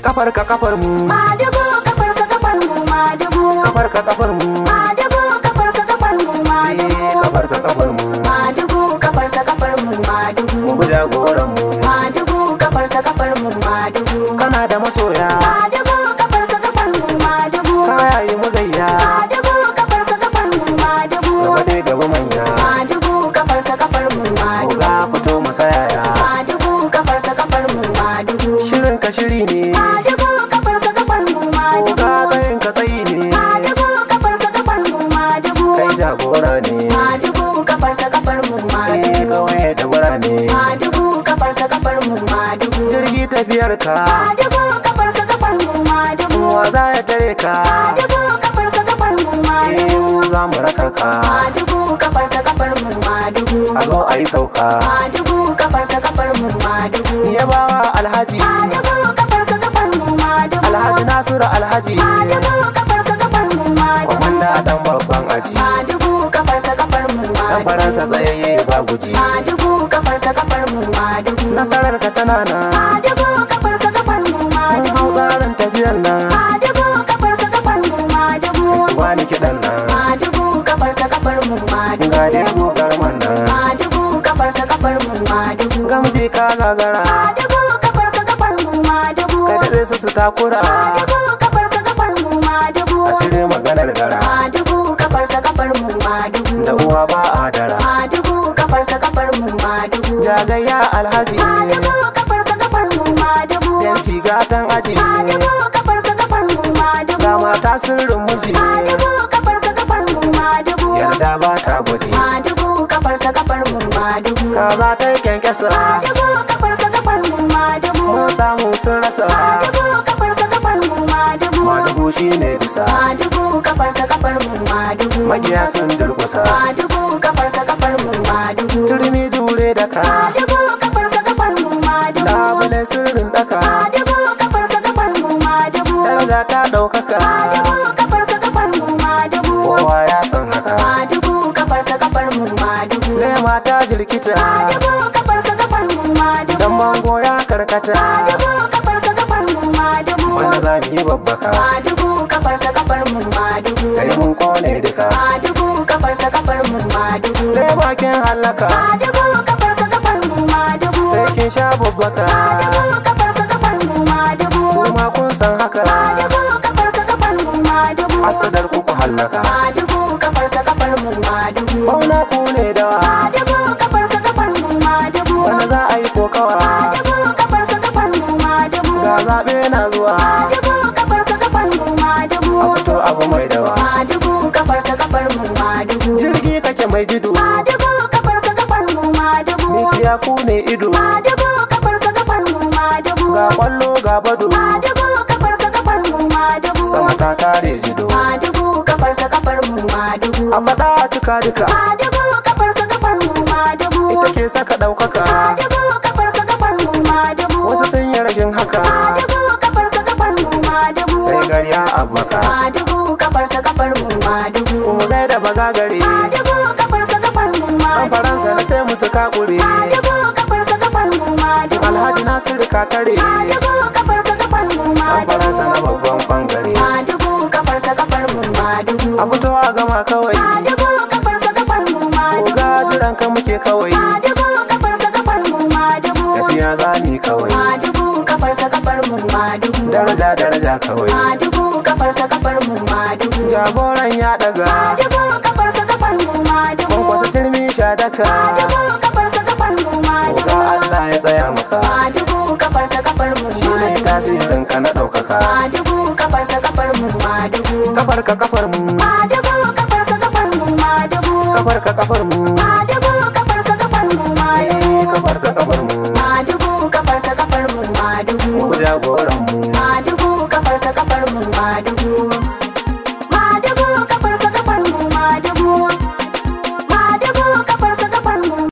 kafar ka kafar mu madugo kafar ka kafar mu madugo kafar ka kafar mu madugo kafar ka kafar mu madugo eh, kafar ka kafar mu madugo kafar ka kafar mu madugo mu guja goran mu madugo kafar ka kafar mu madugo kana da masoya madugo kafar ka kafar mu madugo kaya yi magayya madugo kafar ka kafar mu madugo gaba dai gaba manya maye da birane madugu kafar ka kafar mu madugu jirgi tafiyar ka madugu kafar ka kafar mu madugu wa za ya tare ka madugu kafar ka kafar mu madugu eh, za mu raka ka madugu kafar ka kafar mu madugu a zo a yi sauka madugu kafar ka kafar mu madugu ya bawa alhaji madugu kafar ka kafar mu madugu alhaji nasiru alhaji madugu kafar ka kafar mu madugu kwamanda dan babban aji madugu kafar ka dan faransa tsayayye ba guji madugu kafar ka kafar mu madugu nasarar ka tana na madugu kafar ka kafar mu madugu hau tsarin tafiyar na madugu kafar ka kafar mu madugu ni kiɗan na madugu kafar ka kafar mu madugu ga dai gogar man na madugu kafar ka kafar mu madugu gamji ka gagara madugu kafar ka kafar mu madugu kada zai su takura madugu dubu kafar ka kafar mu ma shiga aji ma kafar ka kafar mu ma rumuji ma dubu kafar ka kafar mu ma yarda ba ta ma kafar ka kafar mu ma kyankyasa ma dubu kafar ka kafar mu ma sun rasa ma kafar ka kafar mu ma ma shine bisa ma kafar ka kafar mu ma magiya sun durkusa ma kafar ka kafar mu ma turmi dure da ka ɗaukaka kafar ka kafar mu kowa ya san haka madugu kafar ka kafar mu jirkita madugu kafar ka kafar mu dan bango ya karkata madugu kafar ka kafar mu madugu wanda za mu yi babbaka kafar ka kafar mu sai mun kone duka madugu kafar ka kafar mu bakin halaka madugu kafar ka kafar mu sai kin sha babbaka madugu kafar ka kafar mu kuma kun san haka madugu ne dawa madugu kafar ka kafar mu madugu wanda za a yi kokawa madugu kafar ka kafar mu madugu ga zaɓe na zuwa madugu kafar ka kafar mu madugu a fito abu mai dawa madugu kafar ka kafar mu madugu jirgi kake mai jidu madugu kafar ka kafar mu madugu mikiya ku ne ido madugu kafar ka kafar mu madugu ga kwallo ga bado madugu kafar ka kafar mu madugu sama ta kare jido madugu kafar ka kafar mu madugu a faɗa a cika duka ya jin haka madugu kafar ka kafar mu madugu sai gariya abaka madugu kafar ka kafar mu madugu mu zai da baga gari madugu kafar ka kafar mu madugu faransa na ce musu kakuri. madugu kafar ka kafar mu madugu alhaji nasiru Katare. madugu kafar ka kafar mu madugu faransa na babban bangare ja kawai madugu kafar ka kafar mu madugu jagoran ya daga madugu kafar ka kafar mu madugu kwankwasa turmi sha daka madugu kafar ka kafar mu madugu ga Allah ya tsaya maka madugu kafar ka kafar mu madugu shine tasirin ka na daukaka madugu kafar ka kafar mu madugu kafar ka kafar mu madugu kafar ka kafar mu madugu kafar ka kafar mu